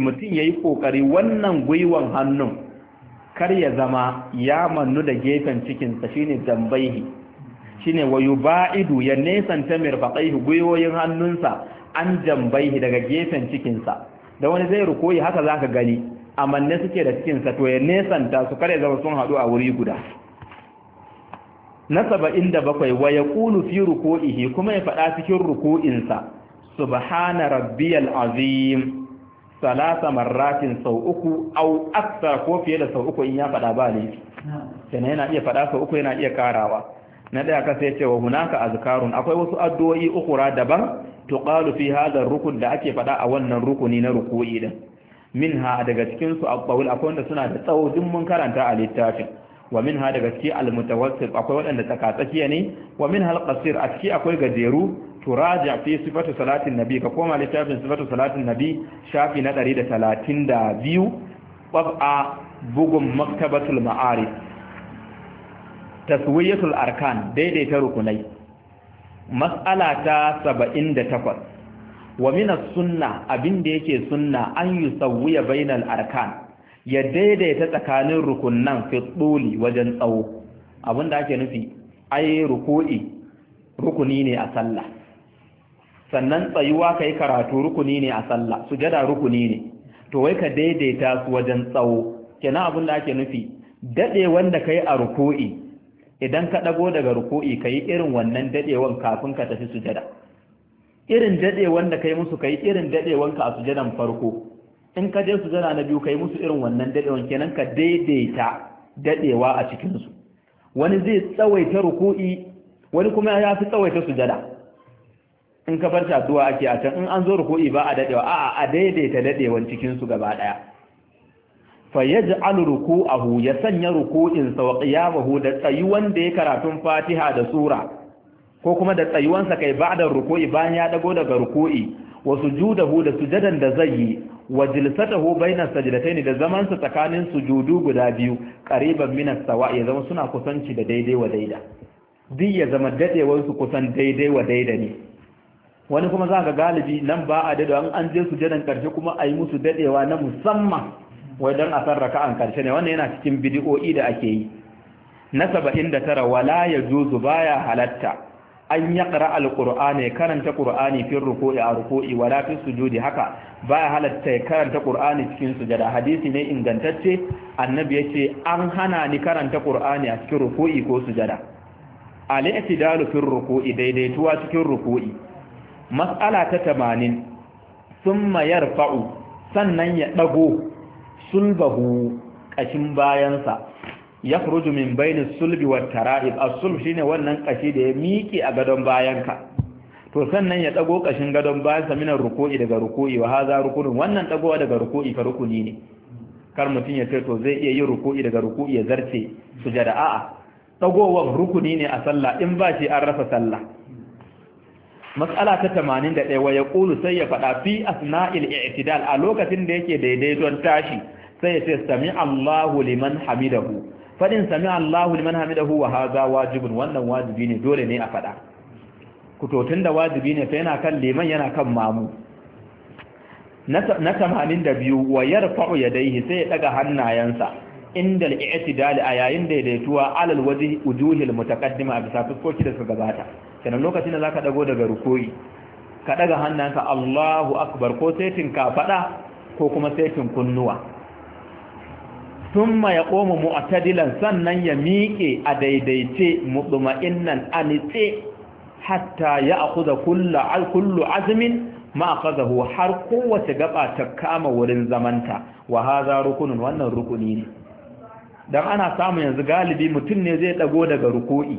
mutum ya yi ƙoƙari wannan gwiwan hannun kar ya zama ya mannu da gefen cikinsa shine dambaihi shine wayu ba'idu ya nesanta mirfaqaihi gwiwoyin hannunsa an dambaihi daga gefen cikinsa da wani zai ruko'i haka zaka gani amanne suke da cikinsa to ya nesanta su kar ya zama sun haɗu a wuri guda na saba'in da bakwai wa ya ƙulu fi ruko'ihi kuma ya faɗa cikin ruku'insa subhana rabbiyal azim salasa marratin sau uku au aksa ko fiye da sau uku in ya faɗa ba laifi kenan yana iya faɗa sau uku yana iya karawa na ɗaya ka sai cewa hunaka azkarun akwai wasu addu'o'i ukura daban tuqalu fi hadha rukun da ake faɗa a wannan rukuni na ruku'i din minha daga cikin su akwai wanda suna da tsawo duk mun karanta a littafin wa minha daga ciki almutawassil akwai waɗanda tsakatsakiya ne wa minha alqasir a ciki akwai gajeru turaja fi sifatu salatin nabi ka koma littafin sifatu salatin nabi shafi na biyu. a bugun maktabatul ma'arif taswiyatul arkan daidaita rukunai mas'ala ta 78 wa min as-sunna abinda yake sunna an yusawwiya bainar arkan ya daidaita tsakanin rukunan fi wajen tsawo abinda ake nufi ai ruku'i rukuni ne a sallah sannan tsayuwa kai karatu rukuni ne a sallah sujada rukuni ne to wai ka daidaita su wajen tsawo kenan abin da ake nufi dade wanda kai a ruku'i idan ka dago daga ruku'i kai irin wannan dadewan kafin ka tafi sujada irin dadewan da kai musu kai irin dadewan ka a sujadan farko in ka je sujada na biyu kai musu irin wannan dadewan kenan ka daidaita dadewa a cikin su wani zai tsawaita ruku'i wani kuma ya fi tsawaita sujada in ka bar shaduwa ake a can in an zo ruku'i ba a dadewa a'a a daidaita dadewan cikin su gaba daya fa yaj'al ruku'ahu ya sanya ruku'in sa wa qiyamahu da tsayuwan da ya karatun Fatiha da sura ko kuma da tsayuwan sa kai ba'da ruku'i bayan ya dago daga ruku'i wa sujudahu da sujadan da zai yi wa jilsatahu bainas sajdataini da zaman sa tsakanin sujudu guda biyu qariban min as ya zama suna kusanci da daidai wa daida duk ya zama dadewar su kusan daidai wa daida ne wani kuma za ga galibi nan ba a wani an je su sujadan karshe kuma a yi musu dadewa na musamman wai don a san raka'an karshe ne wannan yana cikin bidi'o'i da ake yi na saba'in da tara wala ya juzu baya halatta an ya ƙara alƙur'ani karanta ƙur'ani fin ruko'i a ruko'i wala fi sujudi haka baya halatta ya karanta ƙur'ani cikin sujada hadisi ne ingantacce annabi ya ce an hana ni karanta ƙur'ani a cikin ruko'i ko sujada al dalu fin ruku'i daidaituwa cikin ruku'i. mas'ala ta tamanin sun mayar fa'u sannan ya ɗago sulbahu ƙashin bayansa ya furuju min bainin sulbi wa tara'ib a shi ne wannan ƙashi da ya miƙe a gadon bayanka to sannan ya ɗago ƙashin gadon bayansa minan ruku'i daga ruku'i wa haza rukunin wannan ɗagowa daga ruku'i ka rukuni ne kar mutum ya ce to zai iya yin ruku'i daga ruku'i ya zarce sujada a'a ɗagowar rukuni ne a sallah in ba shi an rasa sallah matsala ta 81 wa ya kulu sai ya faɗa fi asna'il i'tidal a lokacin da yake daidaiton tashi sai ya ce sami Allahu liman hamidahu fadin sami Allahu liman hamidahu wa haza wajibin wannan wajibi ne dole ne a faɗa kutotun da wajibi ne sai yana kan liman yana kan mamu na 82 wa yarfa'u yadaihi sai ya daga hannayensa inda al-i'tidal a yayin daidaituwa alal waji ujuhil mutaqaddima a bisa fuskoki da suka gabata kenan lokacin da zaka dago daga Rukoyi, ka daga hannanka Allahu akbar ko saitin kafada ko kuma tin kunnuwa thumma yaqumu mu'tadilan sannan ya miƙe a daidaice mudma'innan anitse hatta ya kullu kullu azmin ma akhadahu har kowace gaba ta kama wurin zamanta wa hadha rukunun wannan rukuni ne Dan ana samun yanzu galibi mutum ne zai dago daga ruku'i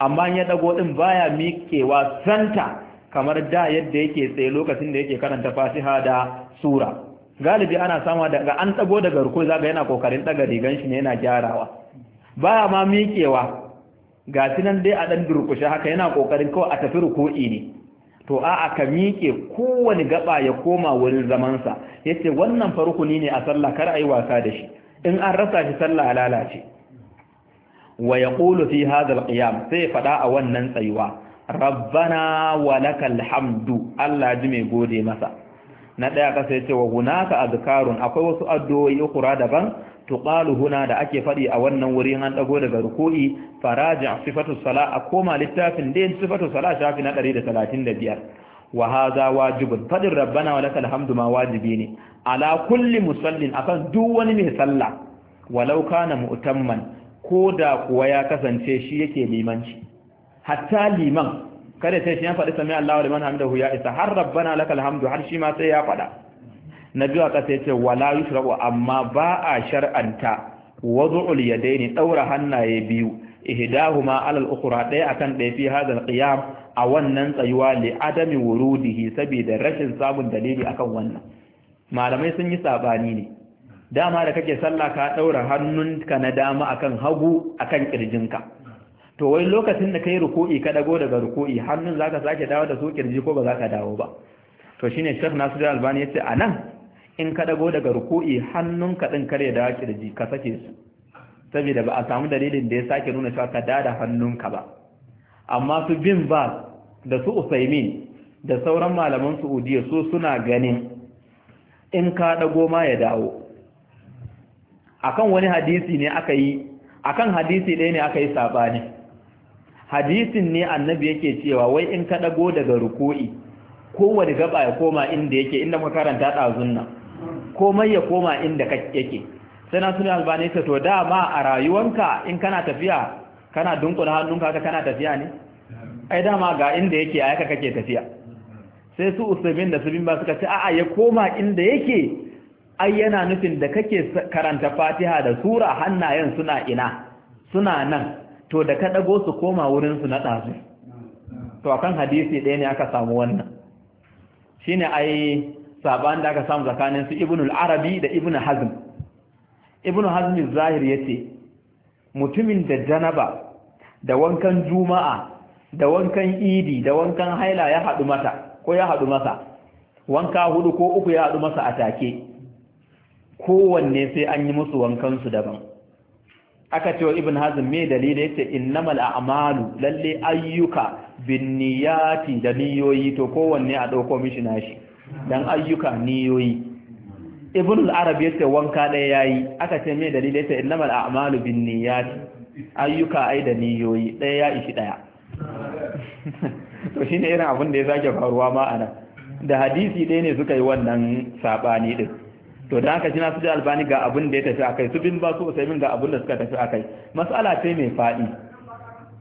amma ya dago ɗin baya miƙewa santa kamar da yadda yake tsaye lokacin da yake karanta fatiha da sura galibi ana samu daga an dago daga ruku'i zaga yana kokarin ɗaga rigan shi ne yana gyarawa baya ma miƙewa ga nan dai a dan durkushe haka yana kokarin kawai a tafi ruku'i ne to a aka miƙe kowane gaba ya koma wurin zamansa yace wannan farkuni ne a sallah kar a yi wasa da shi in an rasa shi sallah lalace wa yaqulu fi hadha alqiyam sai fada a wannan tsayuwa rabbana wa lakal hamdu Allah ji mai gode masa na daya sai cewa wa hunaka azkarun akwai wasu addu'o'i ukura daban qalu huna da ake faɗi a wannan wuri an dago daga ruku'i faraji sifatu sala a koma littafin da sifatu sala shafi na 135 wa wajibin wajibun fadin rabbana wa lakal hamdu ma wajibi ne ala kulli musallin akan duk wani mai sallah walau kana mu'tamman ko da kuwa ya kasance shi yake limanci hatta liman kada sai shi ya faɗi sami Allahu liman hamdahu ya isa har rabbana lakal hamdu har shi ma sai ya faɗa nabi aka sai ce wala yusra'u amma ba a shar'anta wad'ul yadaini daura hannaye biyu ihdahuma ala al-ukhra daya akan daya fi hadha al-qiyam a wannan tsayuwa li adami wurudihi saboda rashin samun dalili akan wannan malamai sun yi sabani ne dama da kake sallah ka daura hannunka na dama akan hagu akan ka. to wai lokacin da kai ruku'i ka dago daga ruku'i hannun zaka sake dawo da su kirji ko ba zaka dawo ba to shine Sheikh Nasir Albani yace anan in ka dago daga ruku'i hannunka din kare dawo kirji ka sake su saboda ba a samu dalilin da ya sake nuna cewa ka dada hannunka ba amma su bin ba da su usaimin da sauran malaman su'udiya su suna ganin in ka dago ma ya dawo akan wani hadisi ne aka yi akan hadisi ɗaya ne aka yi sabani hadisin ne annabi yake cewa wai in ka dago daga ruku'i kowane gaba ya koma inda yake inda muka karanta ɗazun nan komai ya koma inda yake sai na suna albani ta to dama a rayuwanka in kana tafiya kana dunkula hannunka haka kana tafiya ne ai dama ga inda yake a yaka kake tafiya sai su usabin da subin ba suka ce a'a ya koma inda yake ai yana nufin da kake karanta fatiha da sura hannayen suna ina suna nan to da ka dago su koma wurin su na ɗazu to akan hadisi ɗaya ne aka samu wannan shine ai saban da aka samu tsakanin su al arabi da ibnu hazm ibnu hazm zahir yace mutumin da janaba da wankan juma'a da wankan idi da wankan haila ya haɗu mata ko ya haɗu masa wanka hudu ko uku ya haɗu masa a take kowanne sai an yi musu wankansu daban aka wa ibn hazm me dalili yace innamal a'malu lalle ayyuka binniyati da niyoyi to kowanne a dauko mishi nashi dan ayyuka niyoyi ibn al-arab yace wanka ɗaya yayi aka ce me dalili yace innamal a'malu binniyati ayyuka ai da niyoyi ɗaya ya ishi ɗaya to shi ne irin abin da ya sake faruwa ma a nan da hadisi ɗaya ne suka yi wannan saɓani ɗin to da haka shi su da albani ga abin da ya tafi a kai, su bin ba su min ga abin da suka tafi a akai matsala ce mai faɗi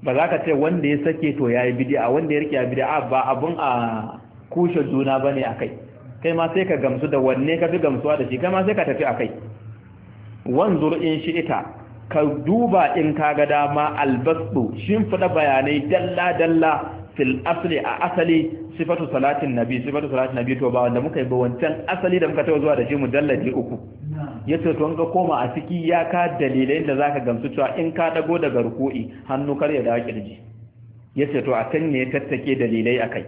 ba za ka ce wanda ya sake to ya yi A wanda ya rike ya a ba abun a kushe juna ba ne a kai ma sai ka gamsu da wanne ka fi gamsuwa da shi kai ma sai ka tafi a kai. wanzur in shi ita ka duba in ka ga dama shin shimfiɗa bayanai dalla-dalla fil asali a asali sifatu salatin nabi sifatu salatin nabi to ba wanda muka yi ba wancan asali da muka taɓa zuwa da shi mu mujalladi uku ya ce to ka koma a ciki ya ka dalilai da zaka gamsu cewa in ka dago daga ruku'i hannu kar ya dawo kirji ya ce to a kan ne tattake dalilai akai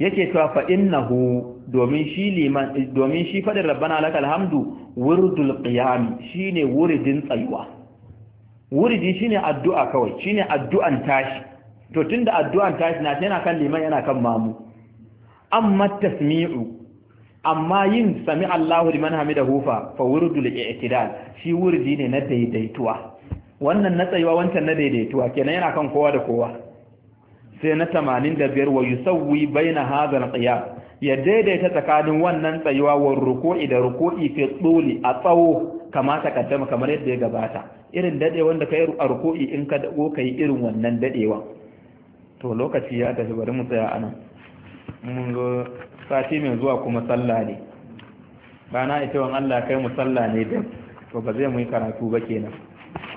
yake cewa fa innahu domin shi liman domin shi fadin rabbana lakal hamdu wurdul qiyam shine wuridin tsayuwa wuridi shine addu'a kawai shine addu'an tashi to tunda addu'an tashi na yana kan liman yana kan mamu amma tasmi'u amma yin sami Allahu liman hamidahu fa fa wurdul i'tidal shi wuridi ne na daidaituwa wannan na tsayuwa wancan na daidaituwa kenan yana kan kowa da kowa sai na 85 wa yusawwi baina hadhal qiyam ya daidaita tsakanin wannan tsayuwa wa ruku'i da ruku'i fi tsuli a tsawo kama ta kaddama kamar yadda ya gabata irin dadewan da kai a ruku'i in ka dago kai irin wannan dadewa to lokaci ya tafi bari mu tsaya anan mun zo sati mai zuwa kuma sallah ne na ita wan Allah kai mu sallah ne dai to ba zai mu karatu ba kenan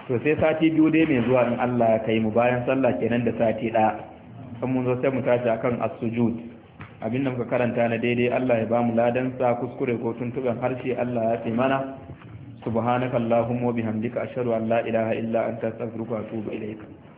to sai sati biyu dai mai zuwa in Allah kai mu bayan sallah kenan da sati ɗaya kan mun zo sai mu tashi akan as-sujud abin da muka karanta na daidai Allah ya bamu ladan sa kuskure ko tuntuban harshe Allah ya fi mana subhanakallahumma wa bihamdika ashhadu an la ilaha illa anta astaghfiruka wa atubu ilaik